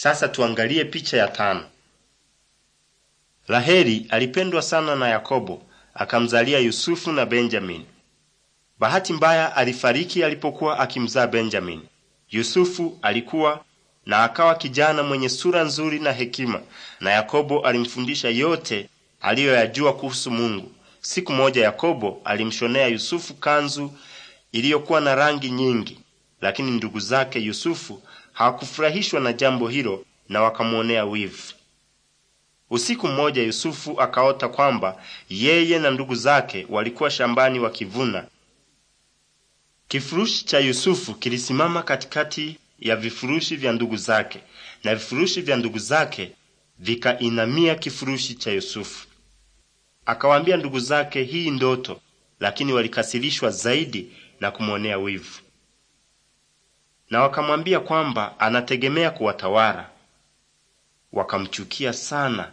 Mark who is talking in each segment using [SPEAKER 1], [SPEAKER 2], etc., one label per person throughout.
[SPEAKER 1] Sasa tuangalie picha ya tano. Raheli alipendwa sana na Yakobo, akamzalia Yusufu na Benjamini. Bahati mbaya alifariki alipokuwa akimzaa Benjamini. Yusufu alikuwa na akawa kijana mwenye sura nzuri na hekima, na Yakobo alimfundisha yote aliyoyajua kuhusu Mungu. Siku moja Yakobo alimshonea Yusufu kanzu iliyokuwa na rangi nyingi, lakini ndugu zake Yusufu hakufurahishwa na jambo hilo na wakamwonea wivu. Usiku mmoja Yusufu akaota kwamba yeye na ndugu zake walikuwa shambani wakivuna. Kifurushi cha Yusufu kilisimama katikati ya vifurushi vya ndugu zake, na vifurushi vya ndugu zake vikainamia kifurushi cha Yusufu. Akawaambia ndugu zake hii ndoto, lakini walikasirishwa zaidi na kumwonea wivu na wakamwambia kwamba anategemea kuwatawala. Wakamchukia sana.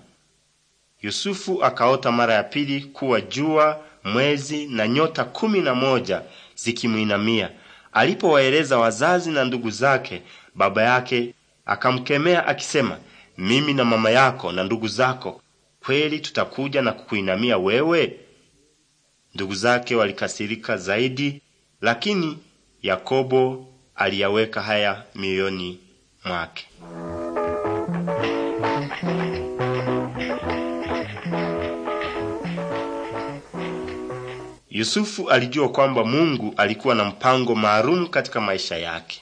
[SPEAKER 1] Yusufu akaota mara ya pili kuwa jua, mwezi na nyota kumi na moja zikimwinamia. Alipowaeleza wazazi na ndugu zake, baba yake akamkemea akisema, mimi na mama yako na ndugu zako kweli tutakuja na kukuinamia wewe? Ndugu zake walikasirika zaidi, lakini Yakobo aliyaweka haya mioyoni mwake. Yusufu alijua kwamba Mungu alikuwa na mpango maalum katika maisha yake.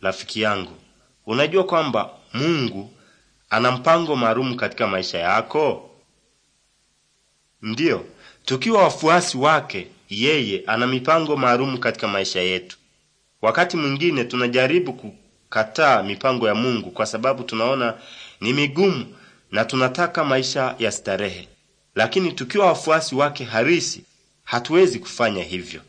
[SPEAKER 1] Rafiki yangu, unajua kwamba Mungu ana mpango maalum katika maisha yako? Ndiyo, tukiwa wafuasi wake, yeye ana mipango maalum katika maisha yetu. Wakati mwingine tunajaribu kukataa mipango ya Mungu kwa sababu tunaona ni migumu na tunataka maisha ya starehe, lakini tukiwa wafuasi wake harisi hatuwezi kufanya hivyo.